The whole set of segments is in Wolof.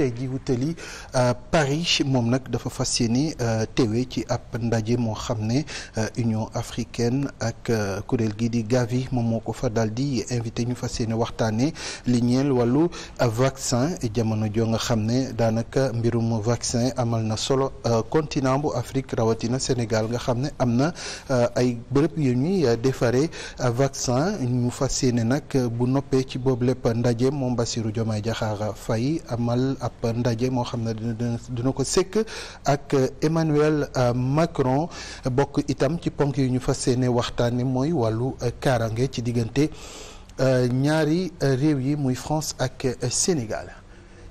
tey ji wutali euh, Paris moom nag dafa fas yéene euh, teewe ci ab ndaje moo xam ne euh, Union africaine ak kuréel gi di Gavi moom moo ko fa daal di invité ñu fas yéene waxtaanee li ñeel wàllu vaccin jamono joo nga xam ne daanaka mbirum vaccin amal na solo continent bu Afrique rawatina Sénégal nga xam ne am na ay bërëb yu ñuy defaree vaccin ñu fas yéene nag bu noppee ci boobu lépp ndaje moom Bassirou Diomaye Diakhar Faye amal. ab ndaje moo xam ne dina dina ko sekk ak Emmanuel euh, Macron bokk itam ci ponk yu ñu fas yéene waxtaane mooy wàllu kaarange ci diggante euh, ñaari réew yi muy France ak Sénégal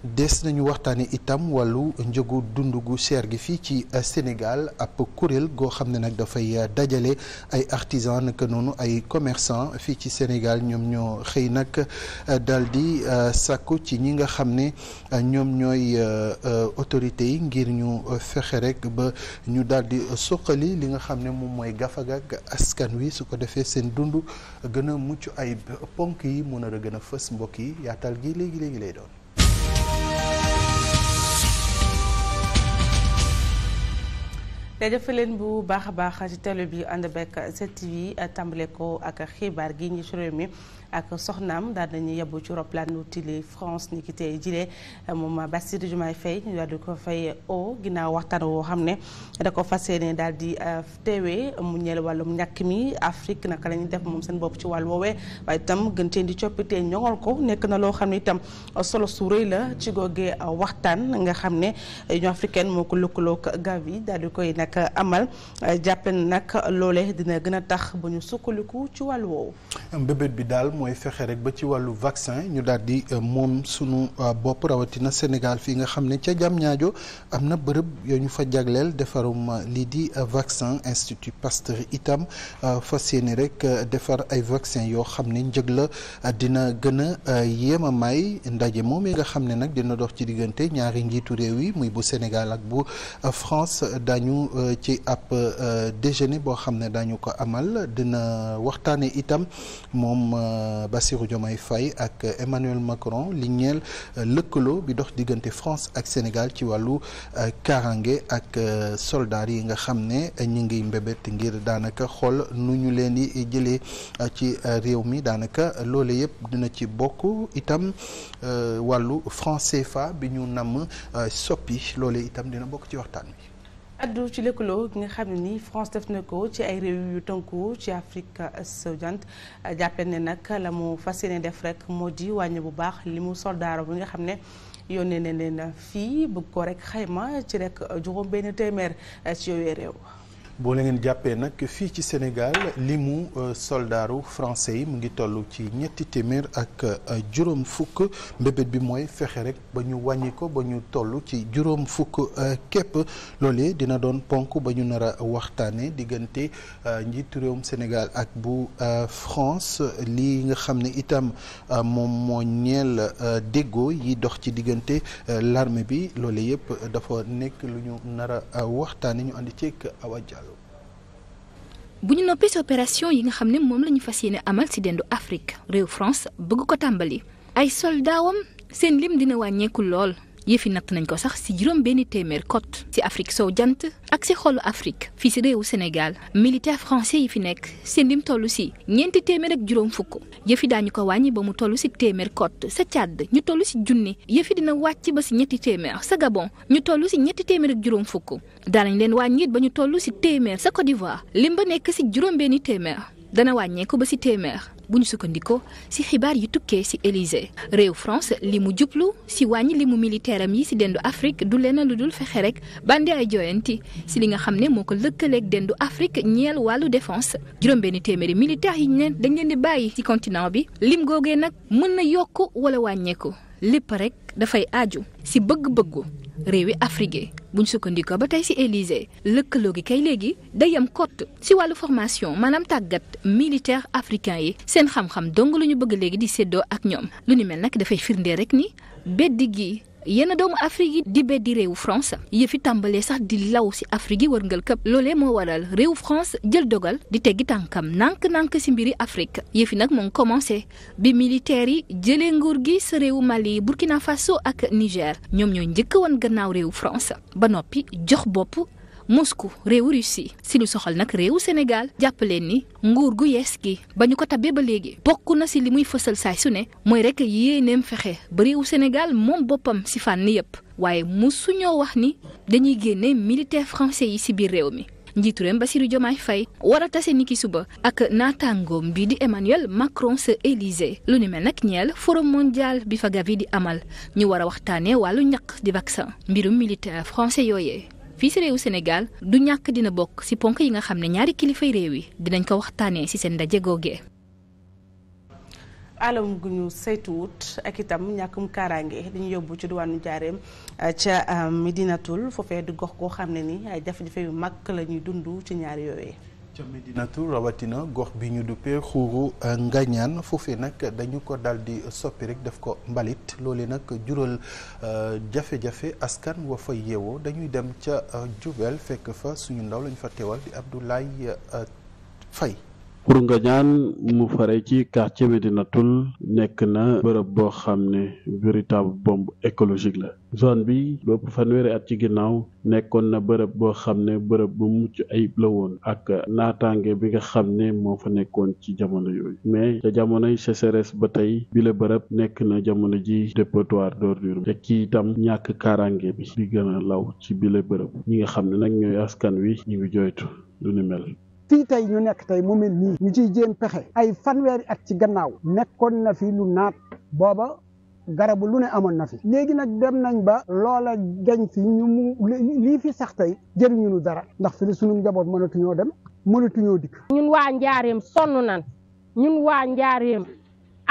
des nañu waxtaane itam wàllu njëgu dund gu cher gi fii ci euh, Sénégal ab kuréel goo xam ne nag dafay euh, dajale ay artisans naka noonu ay commerçant fii ci Sénégal ñoom ñoo xëy nag euh, daal di sàkku ci ñi nga xam ne ñoom ñooy autorités yi ngir ñu fexe rek ba ñu daal di suqali li nga xam ne moom mooy gafaga ak askan wi su ko defee seen dund gën a mucc ay ponk yi mën a gën a fës mbokk yi yaatal gi léegi léegi lay doon. te dafa leen bu baax a baax ci télé bi ànd bekk 7TV tàmbale ko ak xibaar gi ñi ci réew mi ak soxnaam daal nañu yebbu ci roplaanu tili France ni ki tey jilee moom Bassirou Diomaye Faye ñu daal di ko fay o ginnaaw waxtaan woo xam ne da ko fas yéene daal di euh, teewee mu ñeel wàllum ñàkk mi Afrique naka la def moom seen bopp ci wàll woowee waaye itam di coppite ñoŋal ko nekk na loo xam ne itam solo su rëy la ci googee waxtaan nga xam ne Union africaine moo ko lëkkaloog Gavi dal di koy nag amal jàppe nag loole dina gën a tax ba ñu sukkandiku ci wàll woowu mbébét bi mooy fexe rek ba ci wàllu vaccin ñu daal di euh, moom sunu euh, bopp rawatina Sénégal fii nga xam ne ca jam ñaajo am na bërëb yoo ñu fa jagleel defarum euh, lii di vaccin Institut Pasteur itam fas yéene rek defar ay vaccin yoo xam ne njëg la dina gën a yéem a may ndaje moom yi nga xam ne nag dina dox ci diggante ñaari njiitu réew yi muy bu Sénégal ak bu France dañu ci ab déjeuner boo xam ne dañu ko amal dina waxtaane itam moom Bassirou Diomaye fay ak Emmanuel Macron li ñeel euh, lëkkaloo bi dox diggante France ak Sénégal ci wàllu euh, karange ak euh, soldats yi nga xam ne ñu ngi mbébét ngir daanaka xool nu ñu leen di jëlee ci réew mi daanaka loole yëpp dina ci bokk itam wàllu franc fa bi ñu namm soppi loole itam dina bokk ci waxtaan wi. addu ci lëkkaloo gi nga xam ne ni France def na ko ci ay réew yu tënku ci Afrique sowu jant jàppale ne nag la mu fas yéene def rek moo di wàññi bu baax li mu soldaaro bi nga xam ne yónnee ne leen fii bëgg ko rek xayma ci rek juróom benn téeméer ci yooyu réew boo la ngeen jàppee nag fii ci Sénégal li mu euh, soldaaru français yi mu ngi toll ci ñetti téeméer ak euh, juróom fukk mbébét bi mooy fexe rek ba ñu wàññi ko ba ñu toll ci juróom fukk euh, képp loolee dina doon ponk ba ñu nar a waxtaanee diggante njiitu réewum Sénégal ak bu France lii nga xam ne itam moom moo ñeel déggoo yi dox ci diggante larme bi loole yëpp dafa nekk lu ñu nar a waxtaanee ñu ànd ceeg Awa Diallo bu ñu noppee si opération yi nga xam ne moom la ñu fas yéene amal si dendu Afrique réew France bëgg ko tàmbali ay soldaawam seen lim dina wàññeeku lool. yëfi natt nañ ko sax si juróom benni téeméer côte ci Afrique sow jant ak si xolu Afrique fii si réewu Sénégal militaire français yi fi nekk seen lim toll si ñeenti téeméer ak juróom fukk yëfi daañu ko wàññi ba mu toll si téeméer côte sa Tchad ñu toll si junni yëfi dina wàcc ba si ñetti téeméer sa Gabon ñu toll si ñetti téeméer ak juróom fukk daanañ leen wàññi ba ñu toll si téeméer sa Côte d'Ivoire lim ba nekk si juróom benn téeméer dana wàññeeku ba si téeméer bu ñu sukkandiku ci xibaar yi tukkee ci Élysée réew France li mu jublu ci wàññi li mu militaire am yi ci dendu Afrique du leneen lu dul fexe rek bandi ay joyanti ci li nga xam ne moo ko lëkkaleek dendu Afrique ñeel wàllu défense juróom-benn téeméeri militaire yi ñu dañu leen di bàyyi ci continent bi lim googee nag mën na yokk wala wàññeeku lépp rek dafay aaju ci bëgg-bëggu réewi Afrique bu buñ sukkandikoo ba tey ci Élysée lëkkaloo gi kay léegi day am cote ci wàllu formation maanaam tàggat militaire africain yi seen xam-xam dong lu ñu bëgg léegi di séddoo ak ñoom lu ni mel nag dafay firndee rek ni bedd gi yenn doomu Afrique yi dibe di réewu France yëfi tàmbalee sax di law si Afrique yi wërngal këpp loole moo waral réew France jël dogal di teggi tànkam nànk-nànk si mbiri Afrique yëfi nag moom ngi commencé bi militaires yi jëlee nguur gi sa réewu Mali Burkina Faso ak Niger ñoom ñooy njëkk wan gannaaw réewu France ba noppi jox bopp Moscou réewu Russie si lu soxal nag réewu Sénégal jàppaleen ni nguur gu yees gi ba ñu ko tabbee ba léegi bokk na si li muy fësal saay su ne mooy rek yéeneem fexe ba réewu Sénégal moom boppam si fànn yépp waaye su ñoo wax ni dañuy génne militaire français yi si biir réew mi. njiitu ba si Diomaye Faye war a tase ni niki suba ak naataangoom bii di Emmanuel Macron sa Élysée lu ni mel nag ñeel forum mondial bi fa Gavi di amal ñu war a waxtaanee wàllu ñaq di vaccin mbirum militaire français yooyee. fii si réewu Sénégal du ñàkk dina bokk si ponk yi nga xam ne ñaari kilifay réew yi dinañ ko waxtaanee ci seen ndaje googee. alam gu ñu saytuwut ak itam ñàkkum kaaraange dañu yóbbu ci diwaanu jaareem ah, ca ah, Medinatul foofee di gox goo xam ne ni ay jafe yu mag lañuy ñuy dund ci ñaari yooyee. ca Medinatu rawatina gox bi ñu duppee xuuru euh, ngañaan foofee nag dañu ko daal di soppi rek def ko mbalit loole nag jural euh, jafe-jafe askan wa fa yeewoo dañuy dem ca euh, Diourbel fekk fa suñu ndaw lañ fa teewal di Abdoulaye Faye pour nga ñaan mu fare ci quartier Médinatoul nekk na bërëb boo xam ne véritable bombe écologique la zone bi lu ëpp fanweeri at ci ginnaaw nekkoon na bërëb boo xam ne bërëb bu mucc ayib la woon ak naataange bi nga xam ne moo fa nekkoon ci jamono yooyu mais ca jamonoy sécheresse ba tey bile bërëb nekk na jamono ji dépotoir d'ordures te kii itam ñàkk kaaraange bi bi gën law ci bi la bërëb ñi nga xam ne nag ñooy askan wi ñu ngi joytu lu ni mel fii tey ñu nekk tey mu mel nii ñu ciy jéem pexe ay fanweeri at ci gannaaw nekkoon na fi lu naat booba garabu lu ne amoon na léegi nag dem nañ ba loola gañ fi ñu mu lii fi sax tey jëriñu ñu dara ndax fi ne sunu njaboot mënatuñoo dem mënatuñoo dikk ñun waa njaareem sonn nan ñun waa njaareem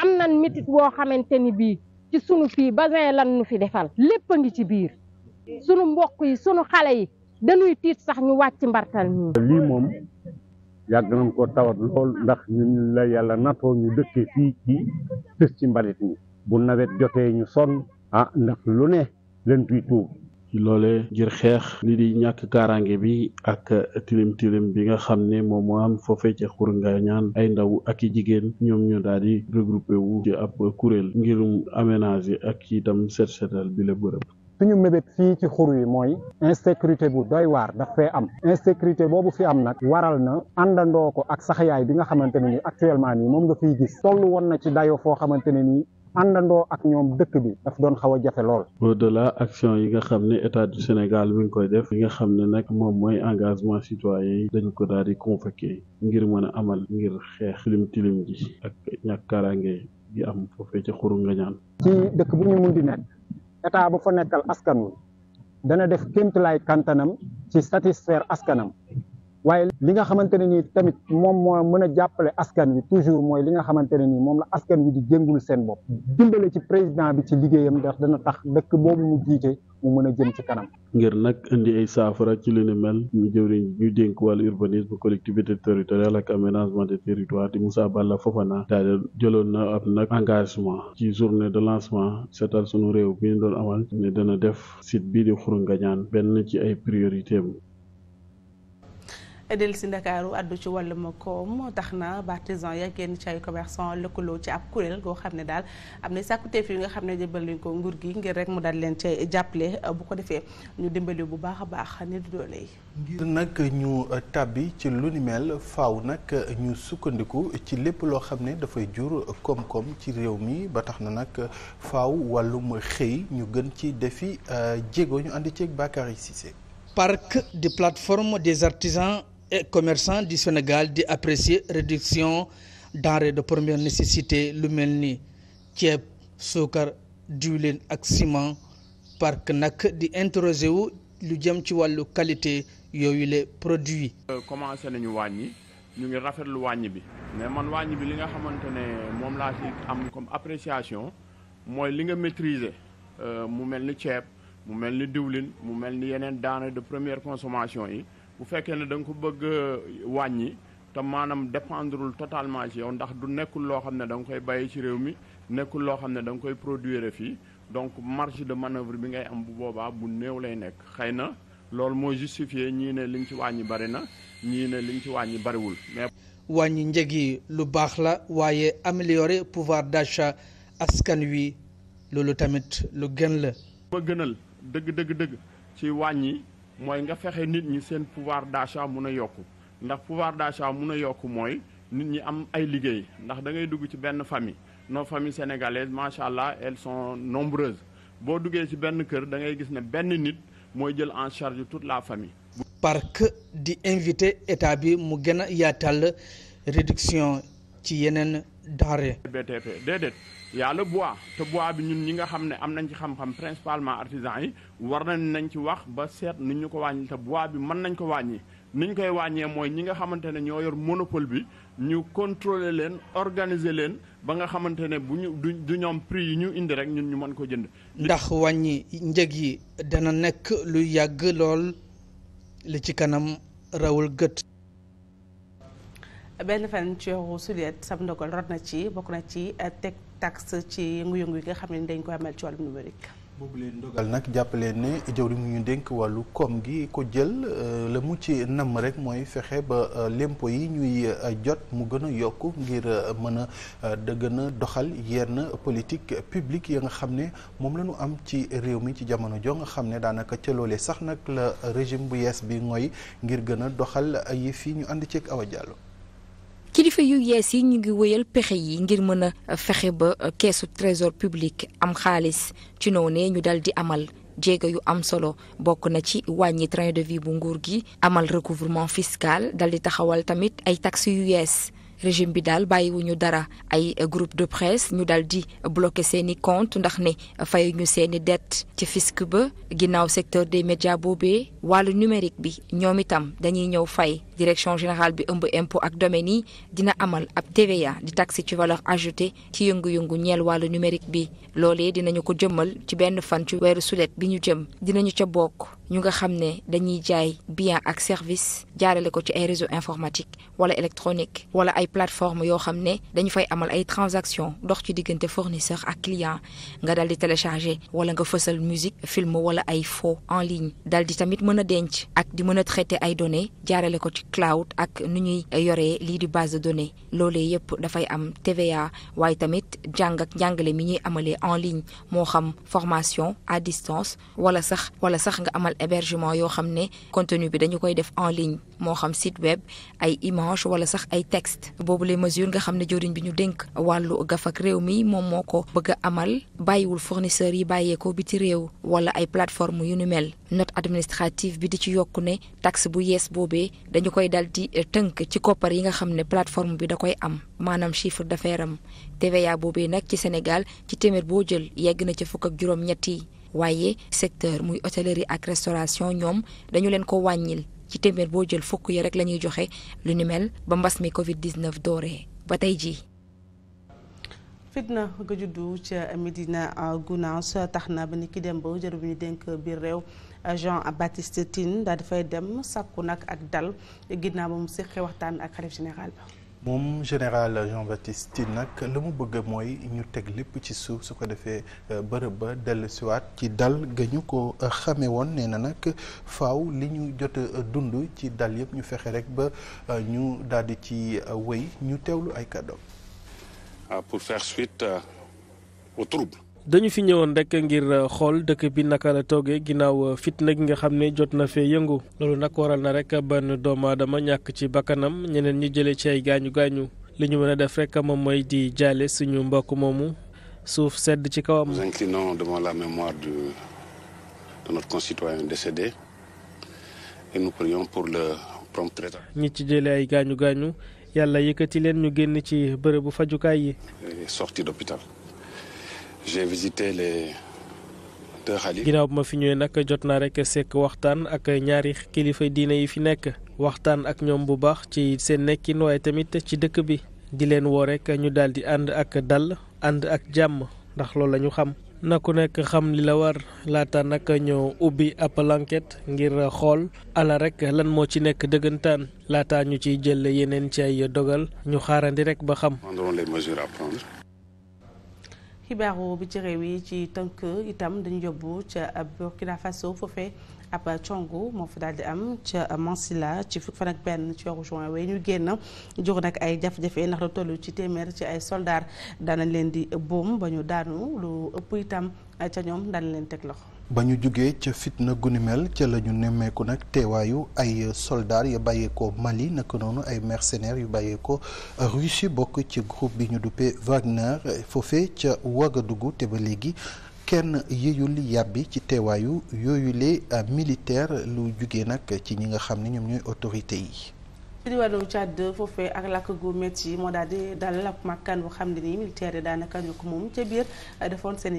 am nan métit woo xamante ni bii ci sunu fii basin lan nu fi defal lépp a ngi ci biir sunu mbokk yi sunu xale yi dañuy tiit sax ñu wàcc mbartal ñii lii yàgg nañ ko tawat lool ndax ñun la yàlla natoo ñu dëkkee fii ci tës ci mbalit mi bu nawet jotee ñu sonn ah ndax lu ne leen tuy tuub ci ngir xeex ni di ñàkk kaaraange bi ak tilim tilim bi nga xam ne moom moo am foofee ca xur ñaan ay ndaw ak i jigéen ñoom ñu daal di regroupé wu ci ab kuréel ngir aménager ak itam set setal bi la bërëb suñu mébét fii ci xur yi mooy insécurité bu doy waar daf fee am insécurité boobu fi am nag waral na àndandoo ko ak saxayaay bi nga xamante ne ni actuellement nii moom nga fiy gis toll woon na ci dayo foo xamante ne nii àndandoo ak ñoom dëkk bi daf doon xaw a jafe lool. au-delà action yi nga xam ne état du Sénégal mi koy def yi nga xam ne nag moom mooy engagement citoyen yi dañ ko daal di convoqué ngir mën a amal ngir xeex tilim tilim ji ak ñàkk kaaraange am état bu fa nekkal askan wi dana def kéemtulaay kantanam ci satisfaire askanam waaye li nga xamante ne nii tamit moom moo mën a jàppale askan wi toujours mooy li nga xamante ne nii moom la askan wi di jëngul seen bopp dimbale ci président bi ci liggéeyam ndax dana tax dëkk boobu mu jiite mu mën a jëm ci kanam. ngir nag indi ay saafara ci li ni mel ñu jëwriñ ñu dénk wàllu urbanisme collectivité territoriale ak aménagement des territoires di Moussa Balla Fofana daal jëloon na ab nag engagement ci journée de lancement seetal sunu réew bi ñu doon amal dana def site bii di Xuru Ngañaan benn ci ay priorité del si ndakaaru addu ci wàllum koom tax na ba artisan ya génn ci ay commerçant lëkkaloo ci ab kuréel goo xam ne daal am na sàkkuteef yi nga xam ne jëbal nañ ko nguur gi ngir rek mu daal leen cay jàppale bu ko defee ñu dimbali bu baax a baax ni du doole yi ngir nag ñu tàbbi ci lu ni mel faaw nag ñu sukkandiku ci lépp loo xam ne dafay jur koom-koom ci réew mi ba tax na nag faw wàllum xëy ñu gën ci defi euh, jéego ñu ànd ceeg Bakary Cissé si de plateforme et commerçants du Sénégal di apprécier réduction denrées de première nécessité lu mel ni ceeb suukar diwlin ak ciment parc nag di interroger wu lu jëm ci wàllu qualité yooyu le produits. Euh, commencé nañu wàññi ñu ngi rafetlu wàññ bi mais man wàññi bi li nga xamante ne moom laa ci am comme appréciation mooy li nga maîtriser euh, mu mel ni ceeb mu mel ni diwlin mu mel ni yeneen denrées de première consommation yi. bu fekkee ne danga ko bëgg wàññi te maanaam dépendrul totalement ci yow ndax du nekkul loo xam ne da koy bàyyi ci réew mi nekkul loo xam ne da nga koy produire fii donc marge de manœuvre bi ngay am bu boobaa bu néew lay nekk xëy na loolu moo justifié ñii ne liñ ci wàññi bari na ñii ne liñ ci wàññi bariwul mais. wàññi njëg yi lu baax la waaye améliorer pouvoir d'achat askan wi loolu tamit lu gën la. ma gënal dëgg dëgg dëgg ci wàññi. mooy nga fexe nit ñi seen pouvoir d'achat mun a yokku ndax pouvoir d'achat mun a yokku mooy nit ñi am ay liggéey ndax da ngay dugg ci benn famille nos famille sénégalaises macha allah elles sont nombreuses boo duggee ci benn kër da ngay gis ne benn nit mooy jël en charge toute la famille. parc di invité état bi mu gën a yaatal réduction ci yeneen denrées. BTP déedéet. yàlla bois te bois bi ñun ñi nga xam ne am nañ ci xam-xam principalement artisan yi war nañ nañ ci wax ba seet ni ñu ko wàññi te bois bi mën nañ ko wàññi ni ñu koy wàññee mooy ñi nga xamante ne ñoo yor monopole bi ñu contrôler leen organiser leen ba nga xamante ne bu ñu du du ñoom prix yi ñu indi rek ñun ñu mën ko jënd. ndax wàññi njëg yi dana nekk lu yàgg lool li ci kanam rawul gët. benn fan ci weeru sulet sam ndogal ci bokk na ci eh, teg. taxe ci yëngu-yëngu yi nga xam ne dañ ko amal ci boobu leen nag jàppaleen ne jëwriñ mu ñu dénk wàllu koom gi ko jël euh, la mu namm rek mooy fexe ba euh, lempo yi ñuy euh, jot mu gën a yokk ngir mën a gën a doxal yenn politique publique ya nga xam ne moom la ñu am ci réew mi ci jamono jo nga xam ne daanaka ca sax nag la régime bu yees bi mooy ngir gën a doxal yi fii ñu ànd ceeg Awa Diallo kilifa yu yees yi ñu ngi wéyal pexe yi ngir mën a fexe ba keesu trésor public am xaalis ci noonee ñu dal di amal jéego yu am solo bokk na ci wàññi train de vie bu nguur gi amal recouvrement fiscal dal di taxawal tamit ay taxes yu yees régime bi daal bàyyiwuñu dara ay groupe de presse ñu dal di bloqué seeni compte ndax ne fayuñu seeni dette ci fisc ba ginnaaw secteur des médias boobee wàllu numérique bi ñoom itam dañuy ñëw fay direction générale bi ëmb impôt ak domaine yi dina amal ab TVA di taxe ci valeur ajoutée ci yëngu-yëngu ñeel wàllu numérique bi loolee dinañu ko jëmmal ci benn fan ci weeru sulet bi ñu jëm dinañu ca bokk ñu nga xam ne dañuy jaay bien ak service jaarale ko ci ay réseau informatique wala électronique wala ay plateforme yoo xam ne dañu fay amal ay transaction dox ci diggante fournisseur ak client nga dal di télécharger wala nga fësal musique film wala ay faux en ligne dal di tamit mën a denc ak di mën a traiter ay données jaarale ko ci cloud ak nu ñuy yoree lii di base de données loolee yëpp dafay am TVA waaye tamit jàng ak njàngale mi ñuy amalee en ligne moo xam formation à distance wala sax wala sax nga amal hébergement yoo xam ne contenu bi dañu koy def en ligne moo xam site web ay image wala sax ay text boobu les mesures nga xam ne jëriñ bi ñu dénk wàllu gaf ak réew mi moom moo ko bëgg a amal bàyyiwul fournisseurs yi bàyyeekoo biti réew wala ay plateforme yu nu mel note administrative bi di ci yokku ne tax bu yees boobee dañu koy dal di eh, tënk ci koppar yi nga xam ne plateforme bi da koy am maanaam chiffre d'affaires am TVA boobee nag ci Sénégal ci téeméer boo jël yegg na ci fukk ak juróom ñett yi waaye secteur muy hôtellerie ak restauration ñoom dañu leen ko wàññil ci téeméer boo jël fukk yi rek la ñuy joxe lu ni ba mbas mi Covid 19 dooree ba tey jii. fitna ga juddu ca Medina Gounass tax na ba ni ki dem ba jërë bu ñu dénk biir réew Jean Baptiste Tine daa dafay dem sakku nag ak dal ginnaaw ba mu seqee waxtaan ak xalif général ba. moom général Jean-Baptiste Tine nag li mu bëgg mooy ñu teg lépp ci suuf su ko defee euh, bërëb ba dellusiwaat ci dal ga ñu ko euh, xamee woon nee na nag faaw li ñu jot a euh, dund ci dal yëpp ñu fexe rek ba ñu daldi ci wéy ñu teewlu ay kàddoom. Ah, pour faire suite aux troubles. dañu fi ñëwoon rek ngir euh, xool dëkk bi naka la toogee ginnaaw euh, fitna gi nga xam ne jot na fee yëngu loolu nag waral na rek benn doomu aadama ñàkk ci bakkanam ñeneen ñu jëlee ci ay gaañu gaañu li ñu mën a def rek moom mooy di jaale suñu mbokk moomu suuf sedd ci kawam. Nous inclinons la mémoire de de notre concitoyen décédé et ci jëlee ay gaañu gaañu yàlla yëkkati leen ñu génn ci bërëbu fajukaay yi. sortie d'hôpital. j'ai ginnaaw bu ma fi ñëwee nag jot naa rek sekk waxtaan ak ñaari kilifa diine yi fi nekk waxtaan ak ñoom bu baax ci seen nekkin waaye tamit ci dëkk bi di leen woo rek ñu daal di ànd ak dàll ànd ak jàmm ndax loolu lañu xam. na ku nekk xam li la war laata nag ñoo ubbi ab ngir xool ala rek lan moo ci nekk dëggantaan laata ñu ciy jël yeneen ci ay dogal ñu xaarandi rek ba xam. xibaaru bi ci réew yi ci tënk itam dañu yóbbu ca Burkina Faso foofee ab congu moo fa daal di am ca Mansilla ci fukk fan ak benn ci weeru juin waaye ñu génn jur nag ay jafe-jafe ndax lu toll ci téeméer ci ay soldaar daanañ leen di boom ba ñu daanu lu ëpp itam ca ñoom daan leen teg loxo. ba ñu jugee ca fitna guni mel ca la nemmeeku nag teewaayu ay soldats yu bàyyeekoo Mali naka noonu ay mercenaires yu bàyyeekoo Russie bokk ci groupe bi ñu duppee Wagner foofee ca waga dugg te ba léegi kenn yeyul yàbbi ci teewaayu yooyule militaire lu jugee nag ci ñi nga xam ne ñoom ñooy autorités yi. ci diwaanu Tchad foofee ak lakk gu métti moo daal di dal ak makkaan xam ne nii militaire daanaka ñu moom ca biir defoon seen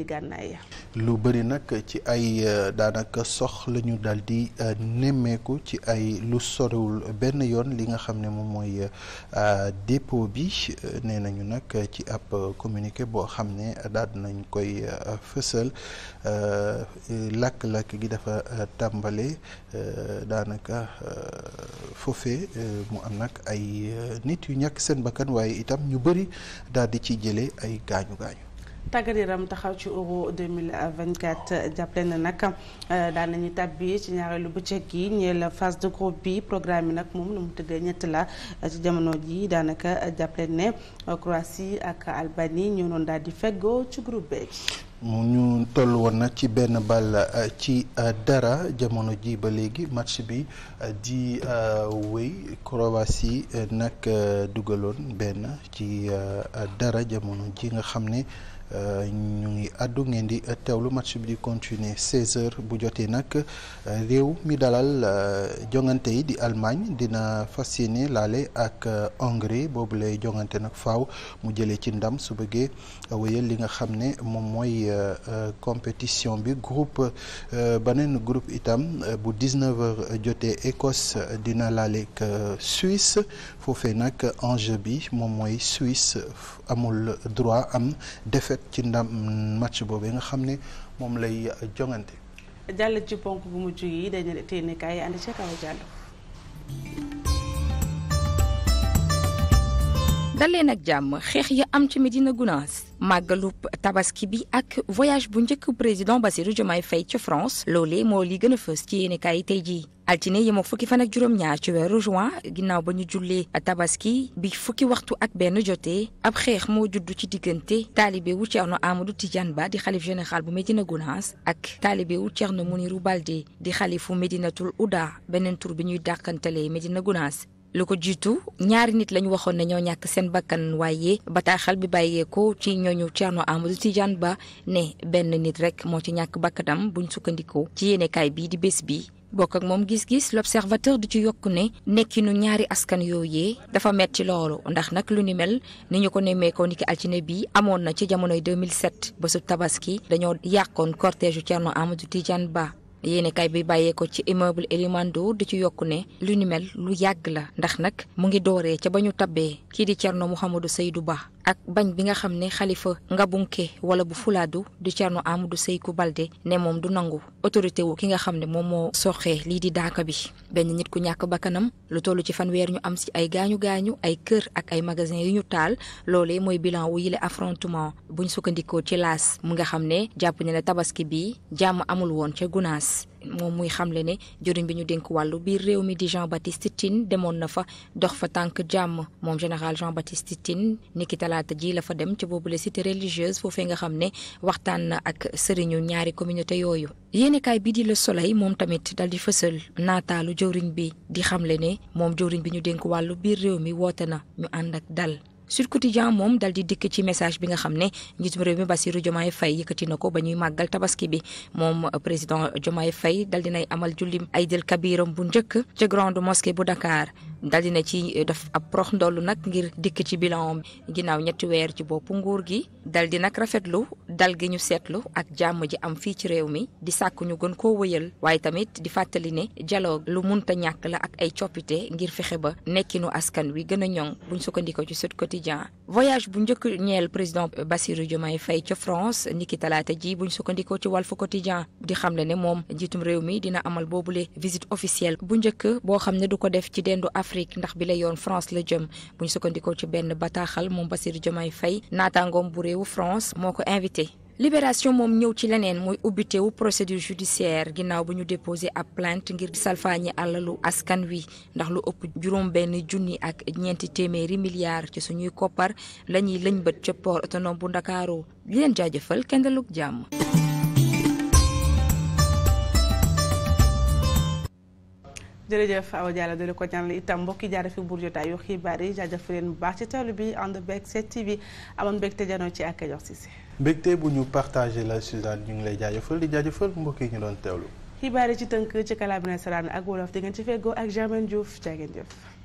lu bëri nag ci ay euh, daanaka sox la daal di euh, nemmeeku ci ay lu sorewul benn yoon li nga xam ne moom mooy euh, dépôt bi nee nañu nag ci ab communiqué boo xam ne daal nañ koy fësal lakk-lakk gi dafa tàmbale daanaka foofee. mu am nag ay euh, nit yu ñàkk seen bakkan waaye itam ñu bëri daal di ci jële ay gaañu gaañu. tàggat yaram taxaw ci euro 2024 jàppale na nag euh, daan nañu tàbbi ci ñaareelu bëccëg gi ñeel phase de groupe bi programme bi nag moom lu mu tëddee ñett la ci jamono ji daanaka jàppale ne Croatie ak Albanie ñoo noonu daal di feggoo ci groupe B. mu ñu toll woon nag ci benn ball euh, ci euh, dara jamono ji ba léegi match bi euh, di wéy Croatie nag dugaloon benn ci dara jamono ji nga xam ne. Euh, ñu ngi àddu ngeen di teewlu match bi di continuer 16h bu jotee nag euh, réew mi dalal euh, jongante yi di Allemagne dina fas yéene laale ak Hongrie boobu lay jongante nag faaw mu jëlee ci ndam su bëggee wéyal li nga xam ne moom mooy compétition bi groupe beneen groupe itam bu 19h jotee Écosse dina laale ak Suisse foofee nag enjeu bi moom mooy Suisse amul droit am défaite ci ndam match boobu yi nga xam ne moom lay jongante. jàll ci ponk bu mujj yi dañu tey ne kaay ànd ca daleen ak jàmm xeex ya am ci Médina Gounass màggalu tabaski bi ak voyage bu njëkk président Bassirou Diomaye Faye ci France loolee moo li gën a fës ci yéenekaay yi tey jii altine yemoo fukki fan ak juróom-ñaar ci weeru juin ginnaaw ba ñu jullee tabaski bi fukki waxtu ak benn jote ab xeex moo juddu ci diggante taalibe wu Thierno Amadou Tidiane Ba di xalif général bu Médina Gounass ak taalibe wu Thierno Mounirou Baldé di xalifu médinatul Ouda beneen tur bi ñuy dàkkantalee Médina Gounass lu ko jiitu ñaari nit lañu waxoon ne ñoo ñàkk seen bàkkan waaye bataaxal bi bàyyeekoo ci ñooñu Thierno Amadou Tidiane Ba ne benn nit rek moo ci ñàkk bakkanam buñ sukkandikoo ci yéenekaay bii di bés bi bokk ak moom gis-gis l'observateur di ci yokk ne nekkinu ñaari askan yooyee dafa metti loolu ndax nag lu ni mel ni ñu ko nemmeekoo niki altine bi amoon na ci jamonoy ba bésub tabaski dañoo yàqoon cortège Thierno Amadou Tidiane Ba yéenekaay bi bàyyee ko ci immeuble Elimando di ci yokku ne lu ni mel lu yàgg la ndax nag mu ngi dooree ca ba ñu tabee kii di Thierno Mouhamadou Seydou Ba ak bañ bi nga xam ne xalifa nga Ngabouke wala bu Fulaadu du Thierno du Séykou Balde ne moom du nangu autorité wu ki nga xam ne moom moo soxee lii di daaka bi benn nit ku ñàkk bakkanam lu toll ci fanweer ñu am si ay gaañu gaañu ay kër ak ay magasin yu ñu taal loolee mooy bilan wu yile bu buñ sukkandikoo ci laas mu nga xam ne jàpp ne ne tabaski bi jàmm amul woon ca Gunaas moom muy xamle ne jëriñ bi ñu dénk wàllu biir réew mi di Jean Baptiste tin demoon na fa dox fa tànk jàmm moom général Jean Baptiste Tine niki talaata ji la fa dem ci boobule cité religieuse foofee nga xam ne waxtaan na ak sëriñu ñaari communauté yooyu. yéenekaay bi di Le Soleil moom tamit dal di fësal naataalu jëwriñ bi di xamle ne moom joriñ bi ñu dénk wàllu biir réew mi woote na ñu ànd ak dal. Sud Quotidien moom dal di dikk ci message bi nga xam ne njiitum réew mi Bassirou Diomaye Faye yëkkati na ko ba ñuy màggal tabaski bi moom président Diomaye Faye dal dinay amal julli ay el Kabiram bu njëkk ca grande mosquée bu Dakar dal dina ci eh, def ab prox ndoll nag ngir dikk ci bilan ginnaaw ñetti weer ci boppu nguur gi dal di nag rafetlu dal gi ñu seetlu ak jàmm ji am fii ci réew mi di sàkk ñu gën koo wëyal waaye tamit di fàttali ne jaloo lu munta ñàkk la ak ay coppite ngir fexe ba nekkinu askan wi gën a ñoŋ buñ sukkandikoo ci Sud Quotidien voyage bu njëkk ñeel président Bassirou Diomaye fay ca France niki talaata ji buñ sukkandikoo ci wal Walf Quotidien di xamle ne moom njiitum réew mi dina amal boobule visite officielle bu njëkk xam ne ko def Afrique ndax bi la yoon France la jëm bu ñu sukkandikoo ci benn bataaxal moom Bassirou ay Faye naataangoom bu réewu France moo ko invité. libération moom ñëw ci leneen mooy ubbitewu procédure judiciaire ginnaaw bu ñu déposé ab plainte ngir salfaañi àlalu askan wi ndax lu ëpp juróom benn junni ak ñeenti téeméeri milliards ci suñuy koppar la ñuy lëñbët ca port autonome bu Ndakaaru li leen jaajëfal kenn dalug jàmm jërëjëf Awa Diallo di la ko ñaanal itam mbokki jaare fi buur jotaay yu xibaar yi jaajëf leen bu baax ci teewlu bi ànd beeg 7TV amoon mbégte janoo ci ak jox Cissé mbégte bu ñu partagé la Suzanne ñu ngi lay jaajëfal di jaajëfal mbokk yi ñu doon teewlu xibaar yi ci tënk ci kàllaama nasaraan ak wolof di ngeen ci feggoo ak Germaine Diouf jaa ngeen jëf